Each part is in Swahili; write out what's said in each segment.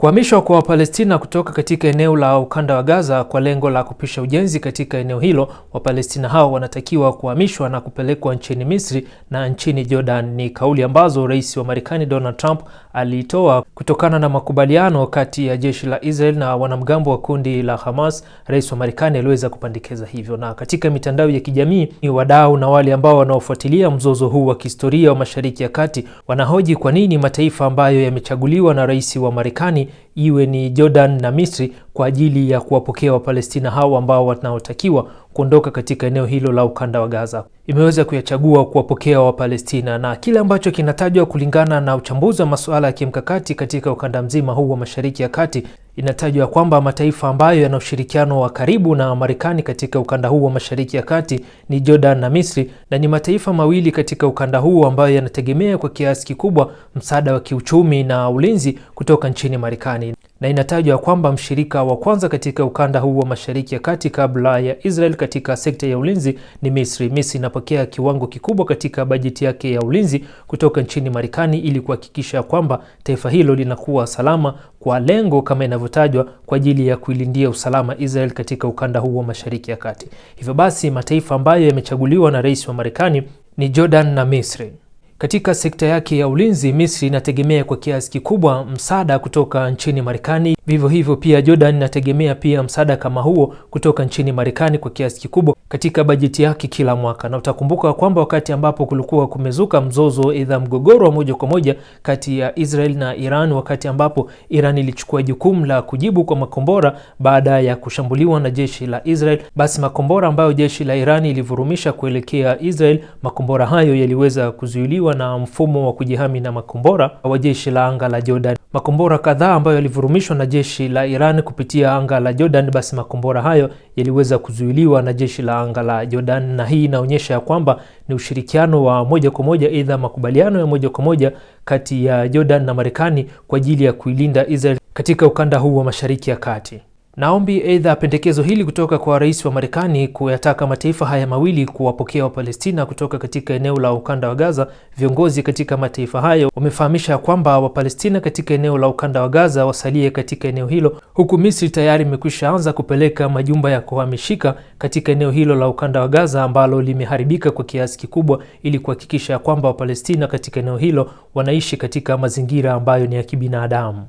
Kuhamishwa kwa Wapalestina kutoka katika eneo la ukanda wa Gaza kwa lengo la kupisha ujenzi katika eneo hilo, Wapalestina hao wanatakiwa kuhamishwa na kupelekwa nchini Misri na nchini Jordan. Ni kauli ambazo Rais wa Marekani Donald Trump aliitoa kutokana na makubaliano kati ya jeshi la Israel na wanamgambo wa kundi la Hamas. Rais wa Marekani aliweza kupandikiza hivyo, na katika mitandao ya kijamii ni wadau na wale ambao wanaofuatilia mzozo huu wa kihistoria wa Mashariki ya Kati wanahoji kwa nini mataifa ambayo yamechaguliwa na rais wa Marekani iwe ni Jordan na Misri kwa ajili ya kuwapokea Wapalestina hao ambao wanaotakiwa kuondoka katika eneo hilo la ukanda wa Gaza. Imeweza kuyachagua kuwapokea Wapalestina na kile ambacho kinatajwa kulingana na uchambuzi wa masuala ya kimkakati katika ukanda mzima huu wa Mashariki ya Kati Inatajwa kwamba mataifa ambayo yana ushirikiano wa karibu na Marekani katika ukanda huu wa Mashariki ya Kati ni Jordan na Misri, na ni mataifa mawili katika ukanda huu ambayo yanategemea kwa kiasi kikubwa msaada wa kiuchumi na ulinzi kutoka nchini Marekani na inatajwa kwamba mshirika wa kwanza katika ukanda huu wa Mashariki ya Kati kabla ya Israel katika sekta ya ulinzi ni Misri. Misri inapokea kiwango kikubwa katika bajeti yake ya ulinzi kutoka nchini Marekani ili kuhakikisha kwamba taifa hilo linakuwa salama kwa lengo kama inavyotajwa kwa ajili ya kuilindia usalama Israel katika ukanda huu wa Mashariki ya Kati. Hivyo basi mataifa ambayo yamechaguliwa na rais wa Marekani ni Jordan na Misri. Katika sekta yake ya ulinzi, Misri inategemea kwa kiasi kikubwa msaada kutoka nchini Marekani. Vivyo hivyo pia Jordan inategemea pia msaada kama huo kutoka nchini Marekani kwa kiasi kikubwa, katika bajeti yake kila mwaka, na utakumbuka kwamba wakati ambapo kulikuwa kumezuka mzozo, idha mgogoro wa moja kwa moja kati ya Israel na Iran, wakati ambapo Iran ilichukua jukumu la kujibu kwa makombora baada ya kushambuliwa na jeshi la Israel, basi makombora ambayo jeshi la Iran ilivurumisha kuelekea Israel, makombora hayo yaliweza kuzuiliwa na mfumo wa kujihami na makombora wa jeshi la anga la Jordan. Makombora kadhaa ambayo yalivurumishwa na jeshi la Iran kupitia anga la Jordan, basi makombora hayo yaliweza kuzuiliwa na jeshi la anga la Jordan, na hii inaonyesha ya kwamba ni ushirikiano wa moja kwa moja, aidha makubaliano ya moja kwa moja kati ya Jordan na Marekani kwa ajili ya kuilinda Israel katika ukanda huu wa Mashariki ya Kati. Naombi aidha pendekezo hili kutoka kwa rais wa Marekani kuyataka mataifa haya mawili kuwapokea Wapalestina kutoka katika eneo la ukanda wa Gaza. Viongozi katika mataifa hayo wamefahamisha kwamba Wapalestina katika eneo la ukanda wa Gaza wasalie katika eneo hilo, huku Misri tayari imekwisha anza kupeleka majumba ya kuhamishika katika eneo hilo la ukanda wa Gaza ambalo limeharibika kwa kiasi kikubwa, ili kuhakikisha kwamba Wapalestina katika eneo hilo wanaishi katika mazingira ambayo ni ya kibinadamu.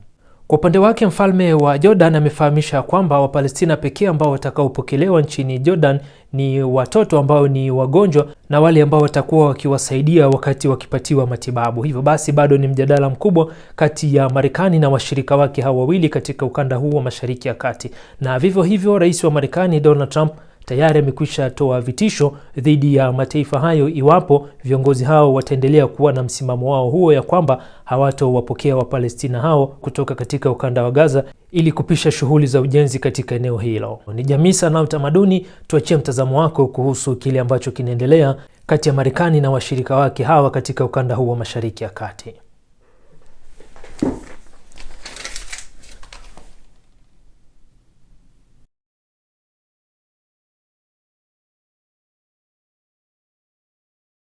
Kwa upande wake mfalme wa Jordan amefahamisha kwamba Wapalestina pekee ambao watakaopokelewa nchini Jordan ni watoto ambao ni wagonjwa na wale ambao watakuwa wakiwasaidia wakati wakipatiwa matibabu. Hivyo basi bado ni mjadala mkubwa kati ya Marekani na washirika wake hawa wawili katika ukanda huu wa Mashariki ya Kati. Na vivyo hivyo rais wa Marekani Donald Trump tayari amekwisha toa vitisho dhidi ya mataifa hayo iwapo viongozi hao wataendelea kuwa na msimamo wao huo, ya kwamba hawatowapokea Wapalestina hao kutoka katika ukanda wa Gaza ili kupisha shughuli za ujenzi katika eneo hilo. Ni jamii sana na utamaduni, tuachie mtazamo wako kuhusu kile ambacho kinaendelea kati ya Marekani na washirika wake hawa katika ukanda huu wa Mashariki ya Kati.